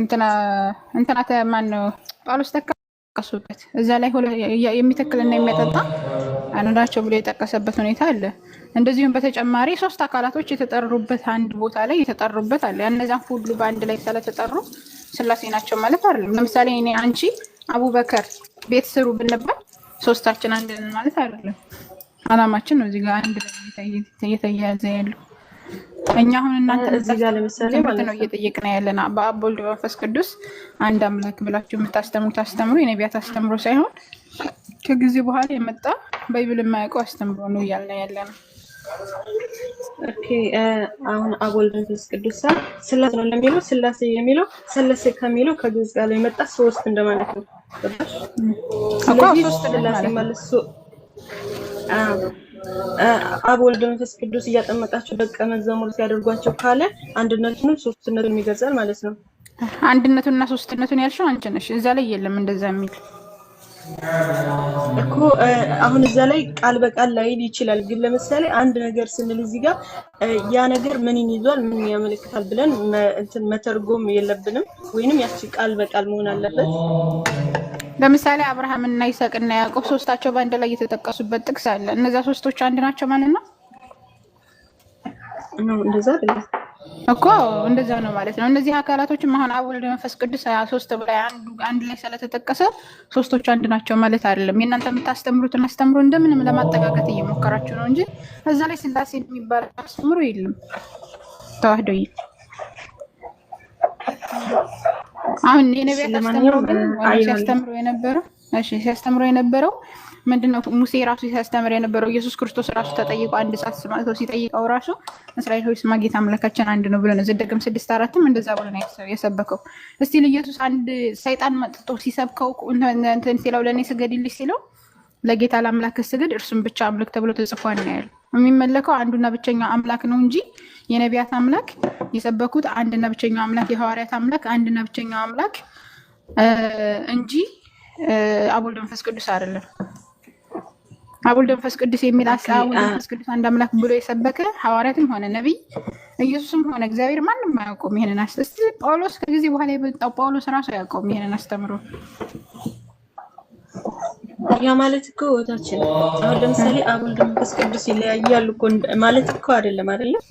እንትና እንትና ማን ነው ጳውሎስ እዛ ላይ የሚተክልና የሚያጠጣ አንዳቸው ብሎ የጠቀሰበት ሁኔታ አለ። እንደዚሁም በተጨማሪ ሶስት አካላቶች የተጠሩበት አንድ ቦታ ላይ የተጠሩበት አለ። እነዚያን ሁሉ በአንድ ላይ ስለተጠሩ ስላሴ ናቸው ማለት አይደለም። ለምሳሌ እኔ፣ አንቺ፣ አቡበከር ቤት ስሩ ብንባል ሶስታችን አንድ ማለት አይደለም። አላማችን ነው እዚህ ጋር አንድ ላይ እየተያያዘ ያለው እኛ አሁን እናንተ እዚህ ጋር ለምሳሌ ማለት ነው እየጠየቅን ያለና በአብ ወልድ መንፈስ ቅዱስ አንድ አምላክ ብላችሁ የምታስተምሩት አስተምሮ የነቢያት አስተምሮ ሳይሆን ከጊዜ በኋላ የመጣ ባይብል የማያውቀው አስተምሮ ነው እያልን ያለ ነው። አሁን አብ ወልድ መንፈስ ቅዱስ ሳ ስላሴ ነው ለሚለው ስላሴ የሚለው ሰለሴ ከሚለው ከግዕዝ ቃል የመጣ ሶስት እንደማለት ነው። ስለዚህ ሶስት ስላሴ ማለት አብ ወልድ መንፈስ ቅዱስ እያጠመቃቸው ደቀ መዛሙር ሲያደርጓቸው ካለ አንድነቱንም ሶስትነቱን ይገልጻል ማለት ነው። አንድነቱን ሶስትነቱን ያልሽው አንቺ ነሽ። እዛ ላይ የለም እንደዛ የሚል እኮ አሁን እዛ ላይ ቃል በቃል ላይል ይችላል። ግን ለምሳሌ አንድ ነገር ስንል እዚህ ጋር ያ ነገር ምንን ይዟል፣ ምን ያመለክታል ብለን እንትን መተርጎም የለብንም። ወይንም ያቺ ቃል በቃል መሆን አለበት። ለምሳሌ አብርሃም እና ይስሐቅ እና ያዕቆብ ሶስታቸው በአንድ ላይ የተጠቀሱበት ጥቅስ አለ። እነዚያ ሶስቶች አንድ ናቸው ማለት ነው እኮ እንደዛ ነው ማለት ነው። እነዚህ አካላቶችም አሁን አብ፣ ወልድ፣ መንፈስ ቅዱስ ሀያ ሶስት ብላይ አንድ ላይ ስለተጠቀሰ ሶስቶች አንድ ናቸው ማለት አይደለም። የእናንተ የምታስተምሩትን አስተምሮ እንደምንም ለማጠቃቀት እየሞከራችሁ ነው እንጂ እዛ ላይ ስላሴ የሚባል አስተምሮ የለም ተዋህዶ አሁን የነቢያት አስተምሮ ግን ሲያስተምሮ የነበረው ሲያስተምሮ የነበረው ምንድነው? ሙሴ ራሱ ሲያስተምር የነበረው ኢየሱስ ክርስቶስ ራሱ ተጠይቆ አንድ ሰዓት ስማቶ ሲጠይቀው ራሱ እስራኤል ሆይ ስማ ጌታ አምላካችን አንድ ነው ብሎ ነው። ዘዳግም ስድስት አራትም እንደዛ ብሎ ነው የሰበከው። እስቲ ኢየሱስ አንድ ሰይጣን መጥቶ ሲሰብከው እንትን ሲለው ለእኔ ስገድልሽ ሲለው ለጌታ ለአምላክ ስገድ እርሱም ብቻ አምልክ ተብሎ ተጽፏ እናያለን። የሚመለከው አንዱና ብቸኛው አምላክ ነው እንጂ የነቢያት አምላክ የሰበኩት አንድና ብቸኛው አምላክ የሐዋርያት አምላክ አንድና ብቸኛው አምላክ እንጂ አብ መንፈስ ቅዱስ አይደለም። አብ መንፈስ ቅዱስ የሚል አብ መንፈስ ቅዱስ አንድ አምላክ ብሎ የሰበከ ሐዋርያትም ሆነ ነቢይ ኢየሱስም ሆነ እግዚአብሔር ማንም አያውቀውም። ይሄንን አስ ጳውሎስ ከጊዜ በኋላ የመጣው ጳውሎስ ራሱ አያውቀውም ይሄንን አስተምሮ ያ ማለት እኮ ታችን አሁን ለምሳሌ አብ ወልድ መንፈስ ቅዱስ ይለያያሉ እኮ ማለት እኮ አይደለም አይደለም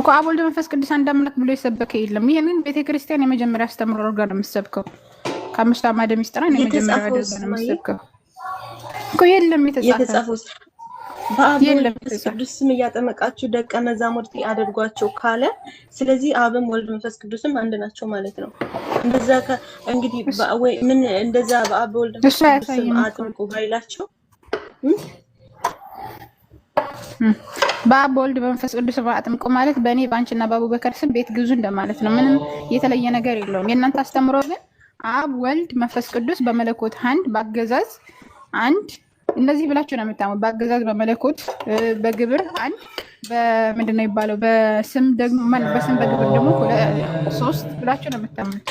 እኮ አብ ወልድ መንፈስ ቅዱስ አንድ አምላክ ብሎ የሰበከ የለም። ይህንን ቤተክርስቲያን የመጀመሪያ አስተምሮ ጋር ነው የምሰብከው። ከአምስቱ አዕማደ ምስጢራን የመጀመሪያ ደርጋ ነው የምሰብከው እኮ የለም የተጻፈው በአብ ወልድ መንፈስ ቅዱስ ስም እያጠመቃችሁ ደቀ መዛሙርት አድርጓቸው ካለ፣ ስለዚህ አብም ወልድ መንፈስ ቅዱስም አንድ ናቸው ማለት ነው። እንደዛ እንግዲህ ወይ ምን እንደዛ በአብ አጥምቁ ባይላቸው በአብ በመንፈስ ቅዱስ አጥምቁ ማለት በእኔ በአንቺና በአቡበከር ስም ቤት ግዙ እንደማለት ነው። ምንም የተለየ ነገር የለውም። የእናንተ አስተምሮ ግን አብ ወልድ መንፈስ ቅዱስ በመለኮት አንድ በአገዛዝ አንድ እነዚህ ብላችሁ ነው የምታሙ። በአገዛዝ በመለኮት በግብር አንድ በምንድን ነው ይባለው? በስም ደግሞ በስም በግብር ደግሞ ሶስት ብላችሁ ነው የምታሙት።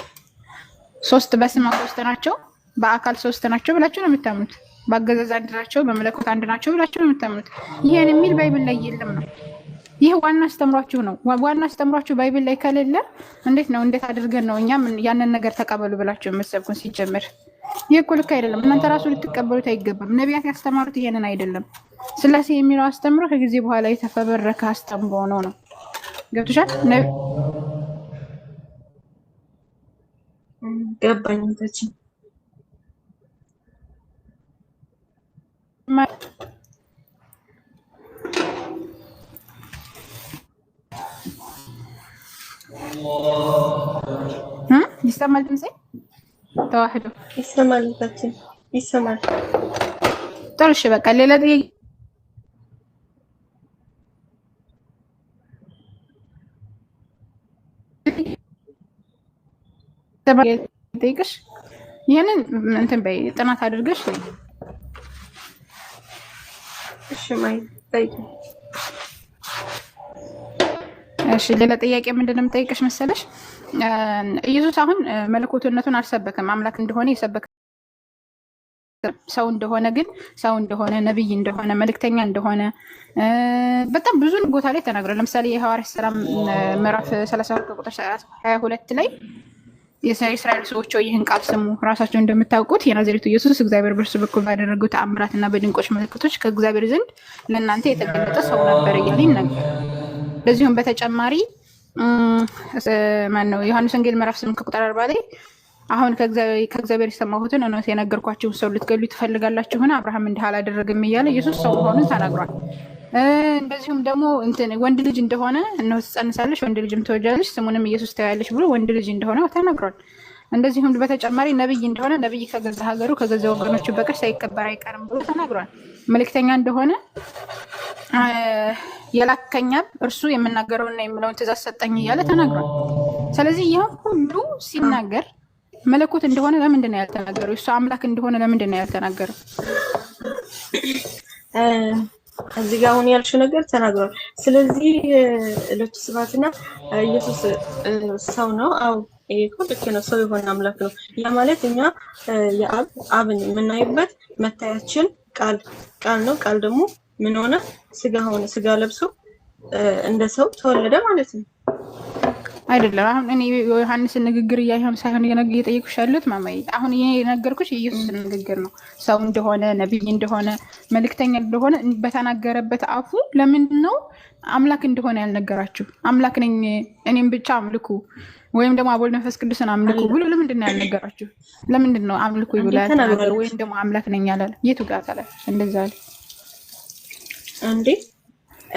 ሶስት በስማ ሶስት ናቸው፣ በአካል ሶስት ናቸው ብላቸው ነው የምታምኑት። በአገዛዝ አንድ ናቸው፣ በመለኮት አንድ ናቸው ብላቸው ነው የምታምኑት። ይህን የሚል ባይብል ላይ የለም ነው። ይህ ዋና አስተምሯችሁ ነው። ዋና አስተምሯችሁ ባይብል ላይ ከሌለ እንዴት ነው እንዴት አድርገን ነው እኛም ያንን ነገር ተቀበሉ ብላችሁ የምትሰብኩን? ሲጀምር ይህ እኮ ልክ አይደለም። እናንተ ራሱ ልትቀበሉት አይገባም። ነቢያት ያስተማሩት ይሄንን አይደለም። ስላሴ የሚለው አስተምሮ ከጊዜ በኋላ የተፈበረከ አስተምሮ ነው ነው ገብቶሻል ገባኝታችን ይሰማል። ድምጼ ተዋህዶ ይሰማል። ታችን ይሰማል። ጥሩ እሺ፣ በቃ ሌላ ጥያቄ ተባ የሚጠይቅሽ ይህንን እንትን በይ ጥናት አድርገሽ ወይ እሺ ማይ እሺ ሌላ ጥያቄ ምንድን ነው የምጠይቅሽ መሰለሽ? ኢየሱስ አሁን መለኮትነቱን አልሰበከም፣ አምላክ እንደሆነ የሰበከ ሰው እንደሆነ ግን ሰው እንደሆነ ነቢይ እንደሆነ መልእክተኛ እንደሆነ በጣም ብዙ ቦታ ላይ ተናግሯል። ለምሳሌ የሐዋርያት ስራ ምዕራፍ 32 ቁጥር 22 ላይ የእስራኤል ሰዎች ይህን ቃል ስሙ። ራሳቸው እንደምታውቁት የናዘሬቱ ኢየሱስ እግዚአብሔር በእርሱ በኩል ባደረገው እና በድንቆች ምልክቶች ከእግዚአብሔር ዘንድ ለእናንተ የተገለጠ ሰው ነበር እያለ ይናገር። ለዚሁም በተጨማሪ ማነው ዮሐንስ ወንጌል ምዕራፍ ስምንት ከቁጥር አርባ ላይ አሁን ከእግዚአብሔር የሰማሁትን እውነት የነገርኳቸውን ሰው ልትገሉ ትፈልጋላችሁን? አብርሃም እንዲህ አላደረግም እያለ ኢየሱስ ሰው መሆኑን ተናግሯል። እንደዚሁም ደግሞ ወንድ ልጅ እንደሆነ እነሆ ትጸንሳለች፣ ወንድ ልጅም ትወጃለሽ፣ ስሙንም ኢየሱስ ታያለሽ ብሎ ወንድ ልጅ እንደሆነ ተነግሯል። እንደዚሁም በተጨማሪ ነብይ እንደሆነ ነብይ ከገዛ ሀገሩ ከገዛ ወገኖቹ በቀር ሳይከበር አይቀርም ብሎ ተናግሯል። መልእክተኛ እንደሆነ የላከኛም እርሱ የምናገረውና የምለውን ትእዛዝ ሰጠኝ እያለ ተናግሯል። ስለዚህ ይህም ሁሉ ሲናገር መለኮት እንደሆነ ለምንድን ነው ያልተናገረው? እሱ አምላክ እንደሆነ ለምንድን ነው ያልተናገረው? እዚህ ጋር አሁን ያልሽው ነገር ተናግሯል። ስለዚህ ዕለቱ ስብሐትና ኢየሱስ ሰው ነው። አዎ ይሄ እኮ ልክ ነው። ሰው የሆነ አምላክ ነው። ያ ማለት እኛ የአብ አብን የምናይበት መታያችን ቃል ቃል ነው። ቃል ደግሞ ምን ሆነ? ስጋ ሆነ። ስጋ ለብሶ እንደ ሰው ተወለደ ማለት ነው። አይደለም አሁን እኔ የዮሐንስን ንግግር እያየን ሳይሆን እየጠየኩሽ ያሉት ማማዬ፣ አሁን የነገርኩሽ የኢየሱስን ንግግር ነው። ሰው እንደሆነ ነቢይ እንደሆነ መልእክተኛ እንደሆነ በተናገረበት አፉ ለምንድን ነው አምላክ እንደሆነ ያልነገራችሁ? አምላክ ነኝ እኔም ብቻ አምልኩ ወይም ደግሞ አቦል መንፈስ ቅዱስን አምልኩ ብሎ ለምንድን ነው ያልነገራችሁ? ለምንድን ነው አምልኩ ብሎ ወይም ደግሞ አምላክ ነኝ ያላል? የቱ ጋር ታላል? እንደዛ አለ እንዴ?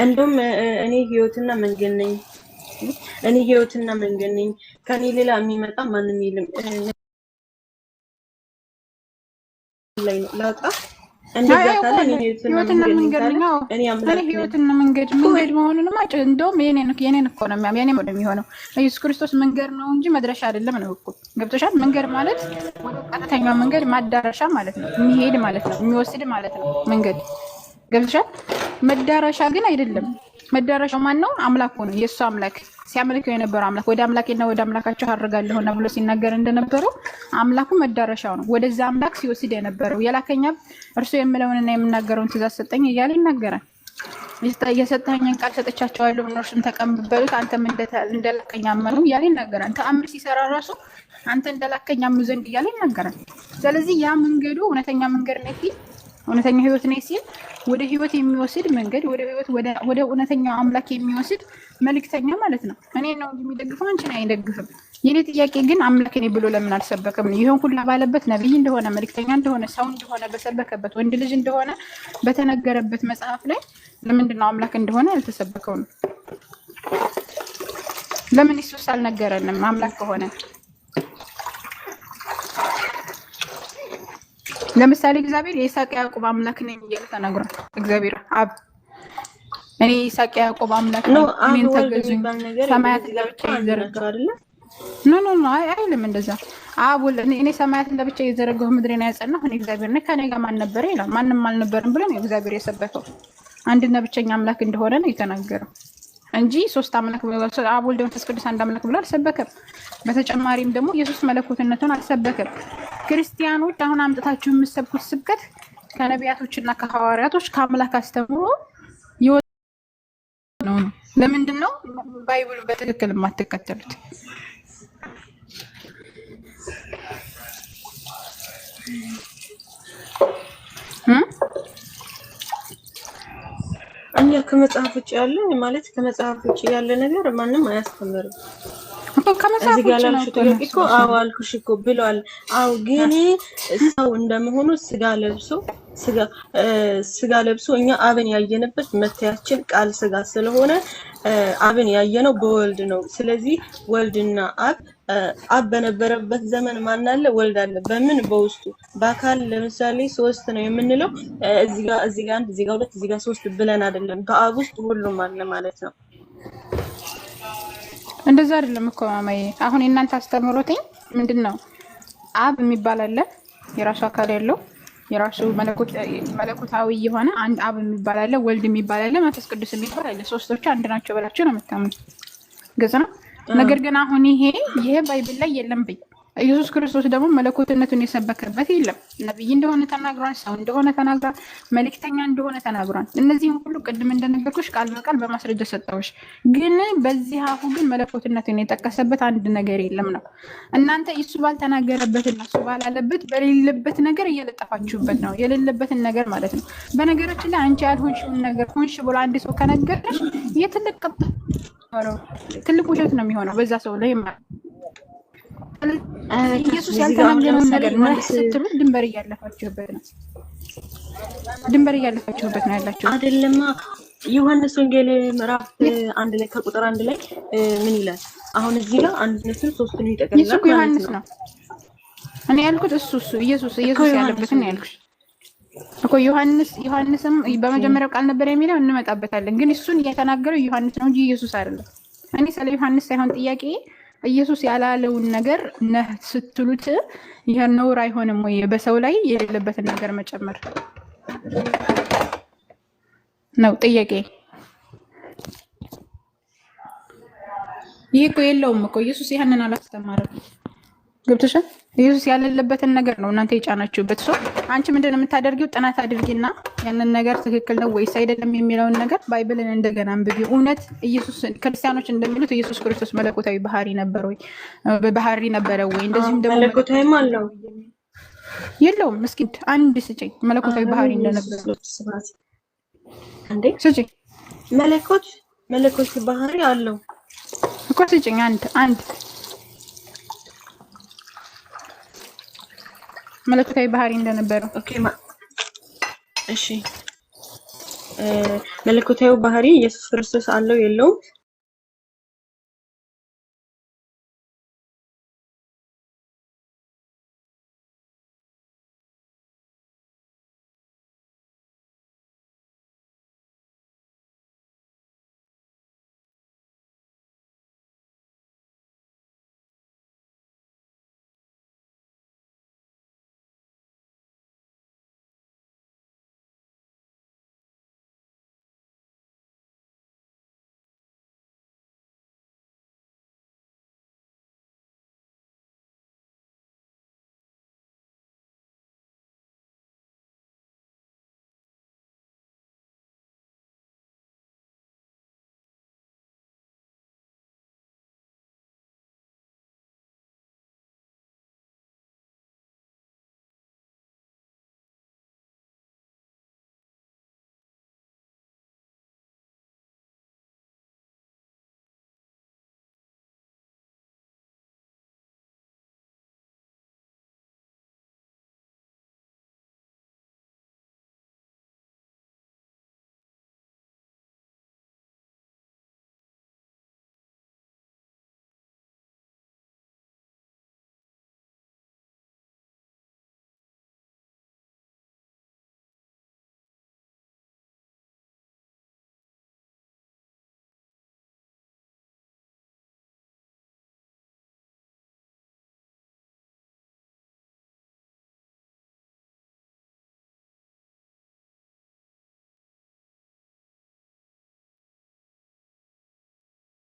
እንዲሁም እኔ ህይወትና መንገድ ነኝ እስኪ እኔ ህይወትና መንገድ ነኝ፣ ከኔ ሌላ የሚመጣ ማንም የለም ላይ ነው ላውጣ ህይወትና መንገድ መንገድ መሆኑንማ እንደውም የኔን እኮ ነው የኔ ነው የሚሆነው። ኢየሱስ ክርስቶስ መንገድ ነው እንጂ መድረሻ አይደለም ነው እኮ ገብቶሻል። መንገድ ማለት ወደ ቀጥተኛው መንገድ ማዳረሻ ማለት ነው፣ የሚሄድ ማለት ነው፣ የሚወስድ ማለት ነው። መንገድ ገብቶሻል። መዳረሻ ግን አይደለም። መዳረሻው ማን ነው? አምላኩ ነው። የእሱ አምላክ ሲያመልከው የነበረው አምላክ ወደ አምላኬና ወደ አምላካቸው አድርጋለሁና ብሎ ሲናገር እንደነበረው አምላኩ መዳረሻው ነው። ወደዛ አምላክ ሲወስድ የነበረው የላከኛ እርሱ የምለውንና የምናገረውን ትእዛዝ ሰጠኝ እያለ ይናገራል። የሰጠኝን ቃል ሰጥቻቸዋለሁ፣ እነርሱም ተቀበሉት፣ አንተም እንደላከኝ አመኑ እያለ ይናገራል። ተአምር ሲሰራ ራሱ አንተ እንደላከኝ አምኑ ዘንድ እያለ ይናገራል። ስለዚህ ያ መንገዱ እውነተኛ መንገድ ነ እውነተኛ ህይወት ነ ሲል ወደ ህይወት የሚወስድ መንገድ ወደ ህይወት ወደ እውነተኛው አምላክ የሚወስድ መልእክተኛ ማለት ነው። እኔ ነው የሚደግፈው፣ አንቺን አይደግፍም። የኔ ጥያቄ ግን አምላክ እኔ ብሎ ለምን አልሰበክም ይህን ሁላ ባለበት ነብይ እንደሆነ መልእክተኛ እንደሆነ ሰው እንደሆነ በሰበከበት ወንድ ልጅ እንደሆነ በተነገረበት መጽሐፍ ላይ ለምንድን ነው አምላክ እንደሆነ ያልተሰበከው ነው? ለምን ኢየሱስ አልነገረንም አምላክ ከሆነ ለምሳሌ እግዚአብሔር የይስሐቅ ያዕቆብ አምላክ ነኝ እያለ ተናግሯል። እግዚአብሔር አብ እኔ የይስሐቅ ያዕቆብ አምላክ ነኝ፣ እኔን ተገዙኝ፣ ሰማያት ለብቻ ይዘረጋ ኖ ኖ ኖ አይልም እንደዛ። አብ ወልድ እኔ ሰማያትን ለብቻ እየዘረጋሁ ምድሬን ያጸናሁ እኔ እግዚአብሔር ነኝ፣ ከእኔ ጋር ማን ነበረ ይላል። ማንም አልነበርም ብሎ ነው እግዚአብሔር የሰበከው። አንድና ብቸኛ አምላክ እንደሆነ ነው የተናገረው እንጂ ሶስት አምላክ አብ ወልድ መንፈስ ቅዱስ አንድ አምላክ ብሎ አልሰበከም። በተጨማሪም ደግሞ ኢየሱስ መለኮትነቱን አልሰበከም። ክርስቲያኖች አሁን አምጥታችሁ የምሰብኩት ስብከት ከነቢያቶችና ከሐዋርያቶች ከአምላክ አስተምሮ ነው። ለምንድን ነው ባይብሉ በትክክል የማትከተሉት? እኛ ከመጽሐፍ ውጭ ያለን ማለት ከመጽሐፍ ውጭ ያለ ነገር ማንም አያስተምርም። እዚህ ጋር ላልሽው ጥያቄ እኮ አዎ አልኩሽ እኮ ብሏል። አዎ ግን ሰው እንደመሆኑ ስጋ ለብሶ ስጋ ለብሶ እኛ አብን ያየንበት መታያችን ቃል ስጋ ስለሆነ አብን ያየነው በወልድ ነው። ስለዚህ ወልድና አብ አብ በነበረበት ዘመን ማን ወልድ አለ። በምን በውስጡ በአካል ለምሳሌ ሶስት ነው የምንለው እዚህ ጋር እዚህ አንድ እዚህ ሁለት እዚህ ሶስት ብለን አይደለም። በአብ ውስጥ ሁሉም አለ ማለት ነው። እንደዛ አይደለም እኮ ማማዬ። አሁን የእናንተ አስተምሮትኝ ምንድን ነው? አብ የሚባል አለ፣ የራሱ አካል ያለው የራሱ መለኮታዊ የሆነ አንድ አብ የሚባል አለ፣ ወልድ የሚባል አለ፣ መንፈስ ቅዱስ የሚባል አለ። ሶስቶቹ አንድ ናቸው ብላችሁ ነው የምታምኑ ገጽ ነው። ነገር ግን አሁን ይሄ ይሄ ባይብል ላይ የለም ብኝ ኢየሱስ ክርስቶስ ደግሞ መለኮትነቱን የሰበከበት የለም። ነቢይ እንደሆነ ተናግሯል። ሰው እንደሆነ ተናግሯል። መልእክተኛ እንደሆነ ተናግሯል። እነዚህም ሁሉ ቅድም እንደነገርኩሽ ቃል በቃል በማስረጃ ሰጠሁሽ። ግን በዚህ አሁ ግን መለኮትነቱን የጠቀሰበት አንድ ነገር የለም ነው። እናንተ እሱ ባልተናገረበትና እሱ ባላለበት በሌለበት ነገር እየለጠፋችሁበት ነው፣ የሌለበትን ነገር ማለት ነው። በነገሮች ላይ አንቺ ያልሆንሽውን ነገር ሆንሽ ብሎ አንድ ሰው ከነገረሽ የትልቅ ትልቅ ውሸት ነው የሚሆነው በዛ ሰው ላይ ማለት ነው። ኢየሱስ ያልተናገረውን ነገር ነህ ስትሉ ድንበር እያለፋችሁበት ነው። ድንበር እያለፋችሁበት ነው ያላችሁ አይደለማ። ዮሐንስ ወንጌል ምዕራፍ አንድ ላይ ከቁጥር አንድ ላይ ምን ይላል? አሁን እዚህ ጋር ዮሐንስ ነው እኔ ያልኩት እሱ እሱ ኢየሱስ ኢየሱስ ያለበትን እኮ ዮሐንስ ዮሐንስም በመጀመሪያው ቃል ነበር የሚለው እንመጣበታለን። ግን እሱን እየተናገረው ዮሐንስ ነው እንጂ ኢየሱስ አይደለም። እኔ ስለ ዮሐንስ ሳይሆን ጥያቄ ኢየሱስ ያላለውን ነገር ነህ ስትሉት ይህን ነውር አይሆንም ወይ? በሰው ላይ የሌለበትን ነገር መጨመር ነው ጥያቄ። ይህ እኮ የለውም እኮ ኢየሱስ ይህንን አላስተማርም። ገብቶሻል? ኢየሱስ ያለለበትን ነገር ነው እናንተ የጫናችሁበት ሰው። አንቺ ምንድን ነው የምታደርጊው? ጥናት አድርጊና ያንን ነገር ትክክል ነው ወይስ አይደለም የሚለውን ነገር ባይብልን እንደገና አንብቢ። እውነት ኢየሱስ ክርስቲያኖች እንደሚሉት ኢየሱስ ክርስቶስ መለኮታዊ ባህሪ ነበር ወይ ባህሪ ነበረ ወይ? እንደዚሁም ደግሞ መለኮታዊም አለው የለውም? እስኪ አንድ ስጭኝ። መለኮታዊ ባህሪ እንደነበረ ስጭኝ። መለኮት መለኮት ባህሪ አለው እኮ ስጭኝ። አንድ አንድ መለኮታዊ ባህሪ እንደነበረው እሺ መለኮታዊ ባህሪ ኢየሱስ ክርስቶስ አለው የለውም?